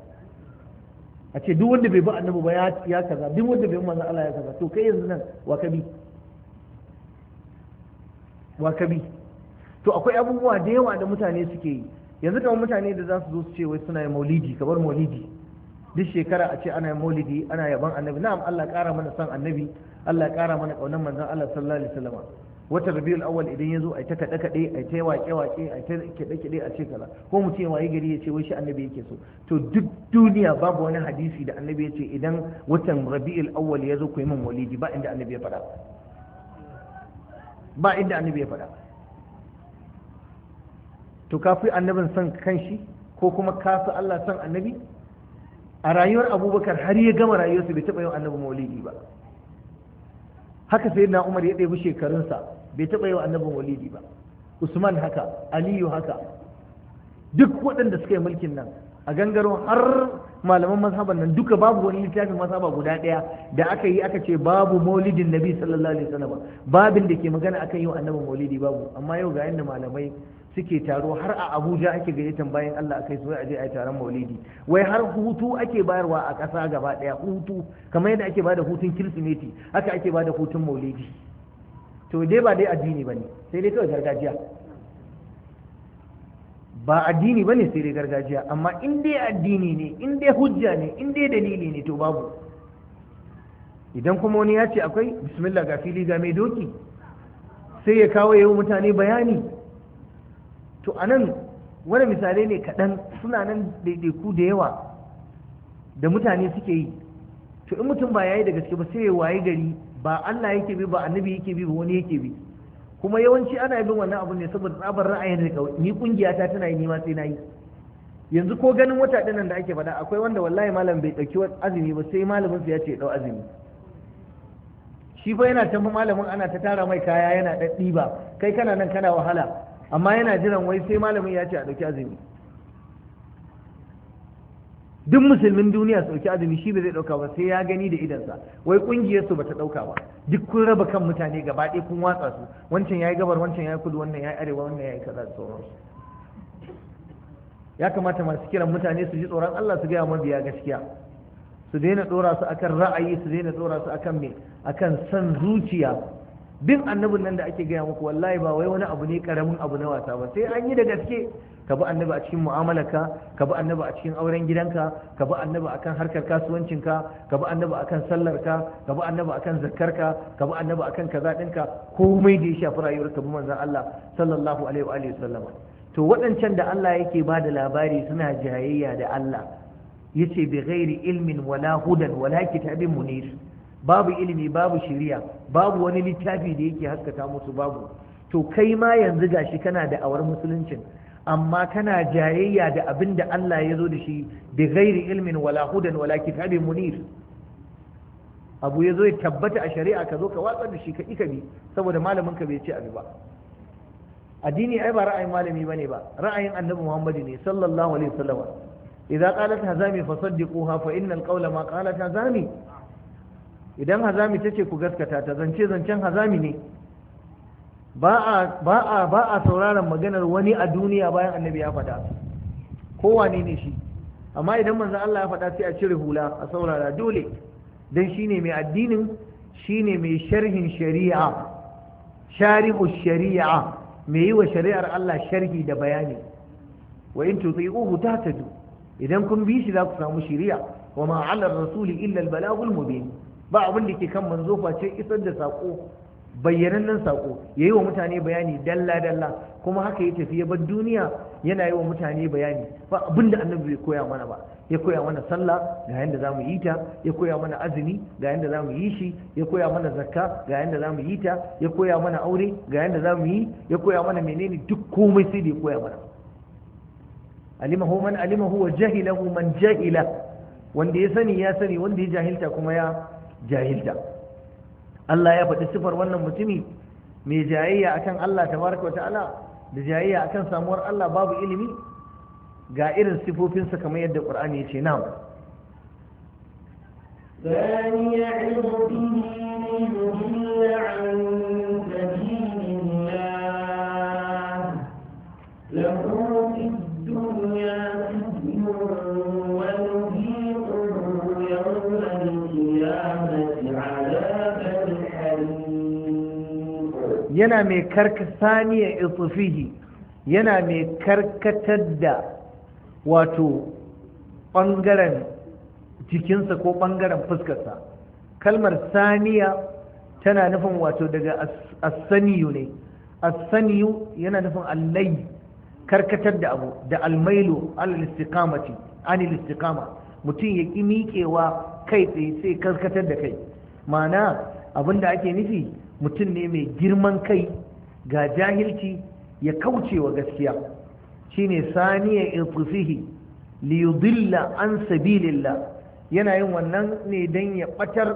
a ce duk wanda bai bi annabi ba ya kaza duk wanda bai manzo Allah ya kaza to kai yanzu nan wa ka bi wa ka bi to akwai abubuwa da yawa da mutane suke yi yanzu kamar mutane da za su zo su ce wai suna yin maulidi kamar maulidi duk shekara a ce ana yin maulidi ana yaban annabi na'am Allah ƙara mana son annabi Allah ƙara mana kaunar manzon Allah sallallahu alaihi wasallam wata rabiul awwal idan yazo ai ta kada kade ai ta waƙe-waƙe, wake ai ta kide kide a ce kaza ko mu ce waye gari yace wai shi annabi yake so to duk duniya babu wani hadisi da annabi yace idan watan rabiul ya yazo ku yi min walidi ba inda annabi ya faɗa ba inda annabi ya faɗa to kafi annabin son kanshi ko kuma kafi Allah son annabi a rayuwar abubakar har ya gama rayuwarsa bai taɓa yin annabi maulidi ba haka sai na umar ya ɗebi shekarunsa bai taɓa yi wa annabin walidi ba usman haka aliyu haka duk waɗanda suka yi mulkin nan a gangaro har malaman mazhaban nan duka babu wani littafin mazhaba guda ɗaya da aka yi aka ce babu maulidin nabi sallallahu alaihi wasallam babin da ke magana akan yau annabi maulidi babu amma yau ga yanda malamai suke taro har a Abuja ake gayyatan bayan Allah akai su a je a taron maulidi wai har hutu ake bayarwa a ƙasa gaba ɗaya hutu kamar yadda ake bada hutun kirsimeti haka ake bada hutun maulidi to dai ba dai addini bane sai dai kawai gargajiya ba addini bane sai dai gargajiya amma in dai addini ne in dai hujja ne in dai dalili ne to babu idan kuma wani ya ce akwai bismillah ga fili ga mai doki sai ya kawo yawan mutane bayani to anan wani misalai ne kaɗan suna nan daidaiku da yawa da mutane suke yi to in mutum ba yayi da gaske ba sai ya wayi gari ba Allah yake bi ba annabi yake bi ba wani yake bi kuma yawanci ana bin wannan abu ne saboda tsabar ra'ayin rika ni kungiya ta tana yi ni ma sai na yi yanzu ko ganin wata dinan da ake faɗa akwai wanda wallahi malam bai dauki azumi ba sai malamin sa ya ce dau azumi shi fa yana tafi malamin ana ta tara mai kaya yana ba, kai kana nan kana wahala amma yana jiran wai sai malamin ya ce a dauki azumi duk musulmin duniya su ɗauki azumi shi ba zai ɗauka ba sai ya gani da idansa wai ƙungiyar su bata ɗauka ba duk kun raba kan mutane gaba ɗaya kun watsa su wancan yayi gabar wancan yayi kudu wannan yayi arewa wannan yayi kaza da sauransu ya kamata masu kiran mutane su ji tsoron Allah su gaya mabiya gaskiya su daina ɗora su akan ra'ayi su daina ɗora su akan me akan san zuciya bin annabin nan da ake gaya muku wallahi ba wai wani abu ne karamin abu na wasa ba sai an yi da gaske ka bi annabi a cikin mu'amalarka ka bi annabi a cikin auren gidanka ka bi annabi akan harkar kasuwancinka ka bi annabi akan sallarka ka bi annabi akan zakkarka ka bi annabi akan kaza ko komai da ya shafi rayuwarka bi manzon Allah sallallahu alaihi wa alihi to waɗancan da Allah yake ba da labari suna jayayya da Allah yace bi ghairi ilmin wala hudan wala kitabin munir babu ilimi babu shiriya babu wani littafi da yake haskaka musu babu to kai ma yanzu gashi kana da awar musuluncin amma kana jayayya da abin da Allah ya zo da shi bi gairi ilmin wala hudan wala kitabin munir abu ya zo ya tabbata a shari'a ka zo ka watsar da shi ka ika bi saboda malamin ka bai ce abu ba addini ai ba ra'ayin malami bane ba ra'ayin annabi muhammad ne sallallahu alaihi wasallam idza qalat hazami fasaddiquha fa innal qawla ma qalat hazami idan hazami tace ku gaskata ta zance zancen hazami ne ba a ba a sauraron maganar wani a duniya bayan annabi ya faɗa Kowa ne shi amma idan manzo Allah ya faɗa sai a cire hula a saurara dole dan shine mai addinin shine mai sharhin shari'a sharihu shari'a mai yi wa shari'ar Allah sharhi da bayani wa in tuti'uhu tahtadu idan kun bi shi za ku samu shari'a wa ma 'ala rasuli illa al-balagul mubin ba abin da ke kan manzo face isar da sako bayyanannen sako ya yi wa mutane bayani dalla dalla kuma haka ya tafi ya bar duniya yana yi wa mutane bayani ba abinda annabi bai koya mana ba ya koya mana sallah ga yadda za mu yi ta ya koya mana azumi ga yadda za mu yi shi ya koya mana zakka ga yadda za mu yi ta ya koya mana aure ga yadda za mu yi ya koya mana menene duk komai sai da ya koya mana alimahu man alimahu wa jahilahu man jahila wanda ya sani ya sani wanda ya jahilta kuma ya jahilta Allah ya faɗi sifar wannan mutumi mai jayayya akan Allah ta baraka wa ta'ala da jayayya akan samuwar Allah babu ilimi ga irin sifofinsa kamar yadda Qur'ani ya ce na'am ثاني عرضه ليضل عن yana mai karkasaniya itufihi yana mai karkatar da wato ɓangaren jikinsa ko ɓangaren fuskarsa kalmar saniya tana nufin wato daga asaniyu ne asaniyu yana nufin allai karkatar da abu da almailu al-istiqamati anil istiqama mutum ya ƙi miƙewa kai tsaye sai karkatar da kai ma'ana abinda ake nufi mutum ne mai girman kai ga jahilci ya kauce wa gaskiya shine saniya irfusihi li yudilla an sabilillah yana yin wannan ne dan ya batar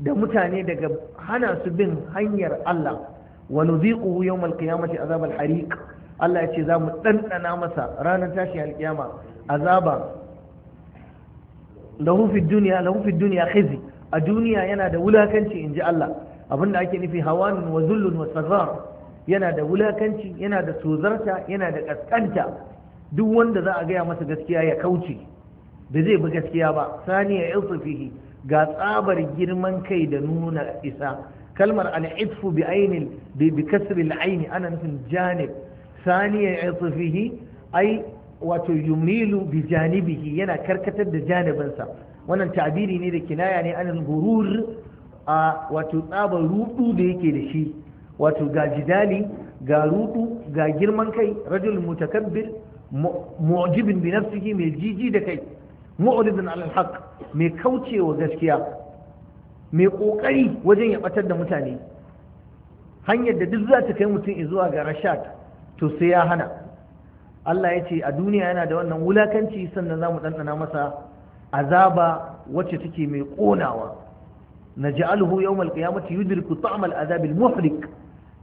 da mutane daga hana su bin hanyar Allah wa nuziquhu yawm al-qiyamati azab al-hariq Allah ya ce za mu ɗanɗana masa ranar tashi alƙiyama azaba lahu fi duniya lahu fi duniya khizi a duniya yana da wulakanci inji Allah Abin da ake nufi hawan wa zullun wa yana da wulakanci yana da tozarta yana da kaskanta duk wanda za a gaya masa gaskiya ya kauce da zai bi gaskiya ba saniya ilfihi ga tsabar girman kai da nuna isa kalmar alifu bi ainil bi kasri al'aini ana nufin janib saniya ilfihi ai wato yumilu bi janibihi yana karkatar da janibinsa wannan tabiri ne da kinaya ne anil gurur a wato tsabar rudu da yake da shi wato ga jidali ga rudu ga girman kai rajul mutakabbir mu'jibin bi nafsihi mai jiji da kai mu'ridin alal haqq mai kaucewa gaskiya mai kokari wajen ya batar da mutane hanyar da duk za ta kai mutum zuwa ga rashad to sai ya hana Allah ya ce a duniya yana da wannan wulakanci sannan za mu ɗanɗana masa azaba wacce take mai ƙonawa Na ji al yau yudriku ta'm al-azab al-muhlik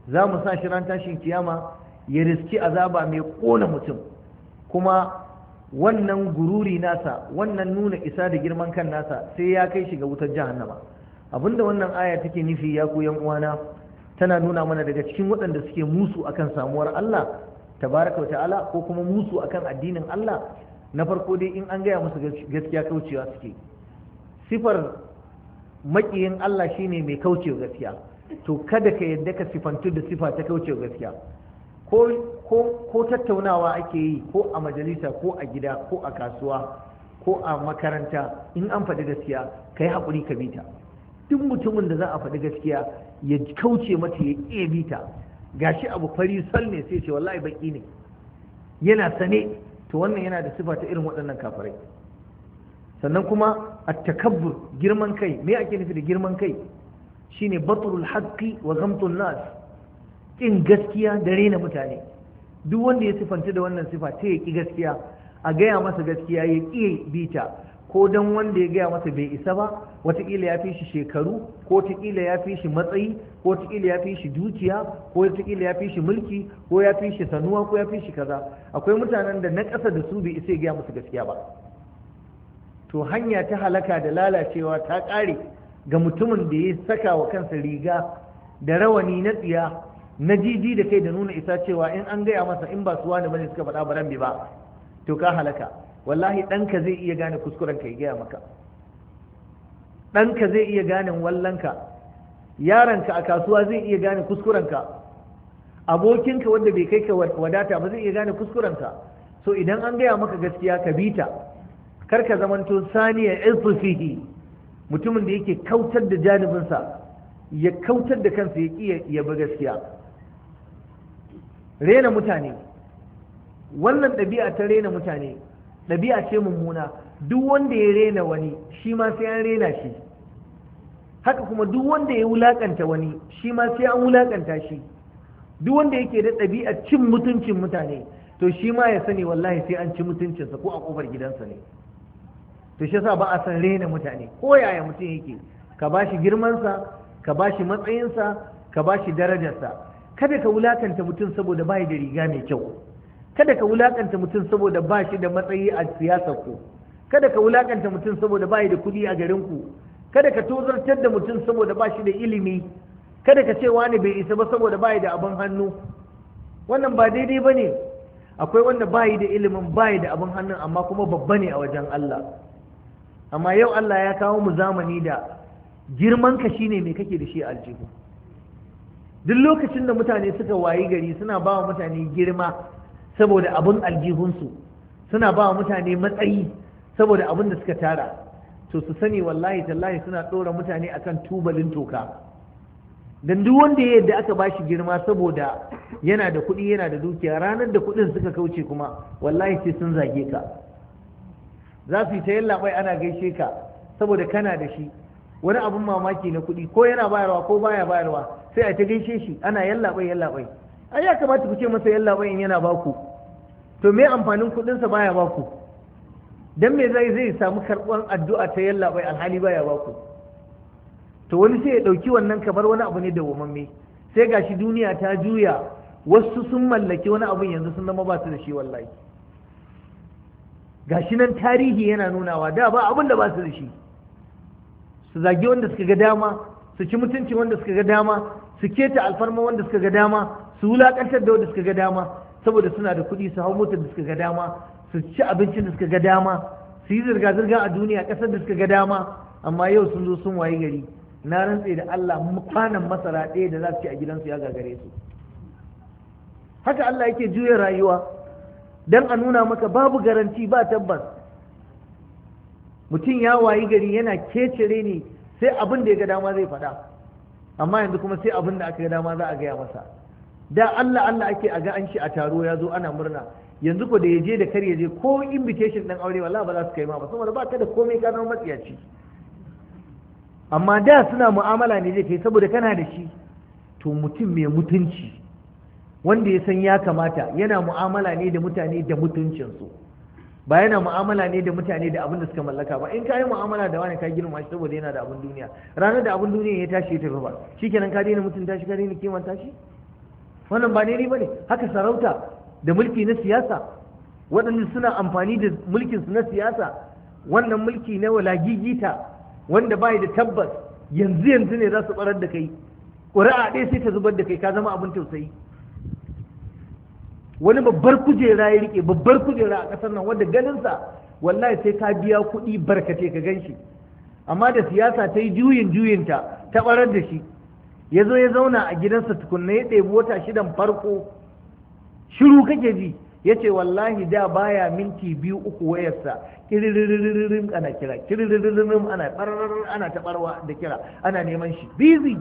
za mu sa shi ran tashin kiyama ya riski azaba mai kona mutum kuma wannan gururi nasa wannan nuna isa da girman kan nasa sai ya kai shi ga wutar jahannama abinda wannan aya take nufi ya ku yan uwana tana nuna mana daga cikin waɗanda suke musu akan samuwar Allah tabaraka wa ta'ala ko kuma musu akan addinin Allah na farko dai in an gaya musu gaskiya kaucewa suke sifar makiyin Allah shine mai kauce gaskiya to kada ka yadda ka sifantu da sifa ta kauce gaskiya ko ko ko tattaunawa ake yi ko a majalisa ko a gida ko a kasuwa ko a makaranta in an faɗi gaskiya ka yi haƙuri ka bita duk mutumin da za a faɗi gaskiya ya kauce mata ya iya bita gashi abu fari sal ne sai ce wallahi baki ne yana sane to wannan yana da sifa ta irin waɗannan kafarai sannan kuma التكبر جرمان girman kai me ake nufi da girman kai shine batrul الناس wa قسكيا nas kin gaskiya da rena mutane duk wanda ya sifanta da wannan sifa ta ya ki gaskiya a gaya masa gaskiya ya ko dan wanda ya gaya masa bai isa ba wataƙila ya fi shi shekaru ko wataƙila ya fi shi matsayi ko wataƙila ya fi shi dukiya ko wataƙila ya fi shi mulki ko ya fi shi sanuwa ko ya fi shi kaza akwai mutanen da na kasa da su bai isa ya gaya masa gaskiya ba to hanya ta halaka da lalacewa ta ƙare ga mutumin da ya saka wa kansa riga da rawani na tsiya na jiji da kai da nuna isa cewa in an gaya masa in ba su wani bane suka faɗa baran ba to ka halaka wallahi ɗanka zai iya gane kuskuren ka ya gaya maka ɗanka zai iya gane wallanka yaranka a kasuwa zai iya gane kuskurenka abokinka wanda bai kai ka wadata ba zai iya gane kuskurenka so idan an gaya maka gaskiya ka bi ta karka zamanto saniya izfihi mutumin da yake kautar da janibinsa ya kautar da kansa ya ƙi ya bi gaskiya rena mutane wannan ɗabi'a ta rena mutane ɗabi'a ce mummuna duk wanda ya rena wani shi ma sai an rena shi haka kuma duk wanda ya wulakanta wani shi ma sai an wulakanta shi duk wanda yake da ɗabi'a cin mutuncin mutane to shi ma ya sani wallahi sai an ci mutuncinsa ko a ƙofar gidansa ne to shi yasa ba a san rena mutane ko yaya mutum yake ka ba bashi girmansa ka ba bashi matsayinsa ka ba bashi darajarsa kada ka wulakanta mutum saboda ba da riga mai kyau kada ka wulakanta mutum saboda ba shi da matsayi a siyasar ku kada ka wulakanta mutum saboda ba da kuɗi a garin ku kada ka tozartar da mutum saboda ba shi da ilimi kada ka ce wani bai isa ba saboda ba da abin hannu wannan ba daidai ba ne akwai wanda ba da ilimin ba da abin hannun amma kuma babba ne a wajen Allah amma yau Allah ya kawo mu zamani da girman ka shine mai kake da shi a aljihu duk lokacin da mutane suka wayi gari suna ba wa mutane girma saboda abin aljihunsu suna ba wa mutane matsayi saboda abin da suka tara to su sani wallahi tallahi suna ɗora mutane akan tubalin toka dan duk wanda ya yadda aka bashi girma saboda yana da kuɗi yana da dukiya ranar da kuɗin suka kauce kuma wallahi sai sun zage ka za su yi ta yallaɓai ana gaishe ka saboda kana da shi wani abun mamaki na kuɗi ko yana bayarwa ko baya bayarwa sai a ta gaishe shi ana yallaɓai yallaɓai ai ya kamata ku ce masa yallaɓai in yana baku to me amfanin kuɗinsa baya baku dan me zai zai samu karɓar addu'a ta yallaɓai alhali baya baku to wani sai ya ɗauki wannan kamar wani abu ne da wamamme sai gashi duniya ta juya wasu sun mallaki wani abun yanzu sun zama ba su da shi wallahi gashi nan tarihi yana nunawa da ba abin da ba su da shi su zagi wanda suka ga dama su ci mutuncin wanda suka ga dama su keta alfarma wanda suka ga dama su wulakantar da wanda suka ga dama saboda suna da kuɗi su hau motar da suka ga dama su ci abincin da suka ga dama su yi zirga-zirga a duniya kasar da suka ga dama amma yau sun zo sun waye gari na rantse da Allah kwanan masara ɗaya da za su ci a gidansu ya gagare su haka Allah yake juya rayuwa dan a nuna maka babu garanti ba tabbas mutum ya wayi gari yana kecire ne sai abin da ya ga dama zai faɗa amma yanzu kuma sai abin da aka ga dama za a gaya masa da Allah Allah ake a ga an shi a taro ya zo ana murna yanzu ko da ya je da kar ya je ko invitation ɗin aure wallahi ba za su kai ma ba saboda ba ka da komai ka zama matsiyaci amma da suna mu'amala ne zai kai saboda kana da shi to mutum mai mutunci wanda ya san ya kamata yana mu'amala ne da mutane da mutuncinsu ba yana mu'amala ne da mutane da abin da suka mallaka ba in ka yi mu'amala da wani ka girma shi saboda yana da abin duniya ranar da abin duniya ya tashi ya tafi ba shikenan ka daina mutunta shi ka daina kimanta shi wannan ba ne ba ne haka sarauta da mulki na siyasa waɗanda suna amfani da mulkin su na siyasa wannan mulki na walagigita wanda bai da tabbas yanzu yanzu ne za su barar da kai ƙuri'a ɗaya sai ta zubar da kai ka zama abin tausayi wani babbar kujera ya rike babbar kujera a ƙasar nan wanda ganinsa wallahi sai ka biya kuɗi barkace ka gan shi amma da siyasa ta yi juyin juyinta ta ɓarar da shi ya zo ya zauna a gidansa tukunna ya ɗebi wata shidan farko shiru kake ji ya ce wallahi da baya minti biyu uku wayarsa kiriririm ana kira kiriririm ana ana taɓarwa da kira ana neman shi busy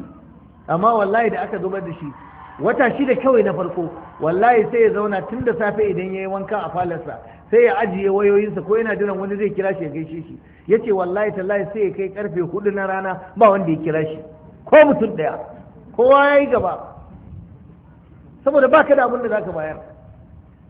amma wallahi da aka zubar da shi wata shida kawai na farko wallahi sai ya zauna tun da safe idan ya yi wanka a falarsa sai ya ajiye wayoyinsa ko yana jiran wani zai kira shi ya gaishe shi ya ce wallahi tallahi sai ya kai karfe hudu na rana ba wanda ya kira shi ko mutum daya kowa ya yi gaba saboda ba ka da abin da za ka bayar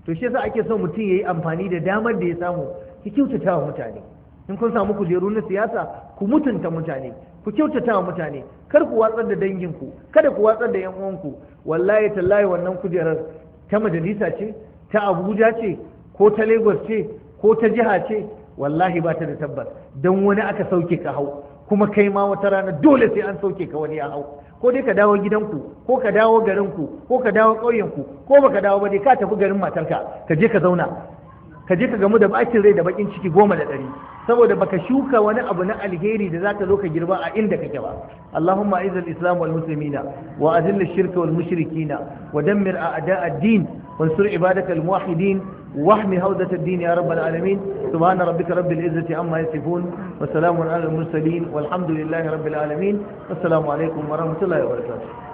to shi yasa ake son mutum ya yi amfani da damar da ya samu ki kyautata wa mutane in kun samu kujeru na siyasa ku mutunta mutane ku kyautata wa mutane kar ku watsar da danginku kada ku watsar da yan uwanku wallahi tallahi wannan kujerar ta majalisa ce ta abuja ce ko ta lagos ce ko ta jiha ce wallahi ba ta da tabbas don wani aka sauke ka hau kuma kai ma wata rana dole sai an sauke ka wani ya hau ko dai ka dawo gidanku ko ka dawo garinku ko ka dawo ƙauyenku ko baka dawo ba dai ka tafi garin matarka ka je ka zauna ka je ka gamu da bacin rai da bakin ciki goma da ɗari saboda baka shuka wani abu na alheri da zaka zo ka girba a inda ka ba Allahumma izil islam wal muslimina wa azil mushrikina wa dammir a'da ad-din wa sur ibadak al muwahhidin wa ahmi hawdat ad-din ya rabbal alamin subhana rabbika rabbil izzati amma yasifun wa salamun ala al mursalin walhamdulillahi rabbil alamin assalamu alaikum wa rahmatullahi wa barakatuh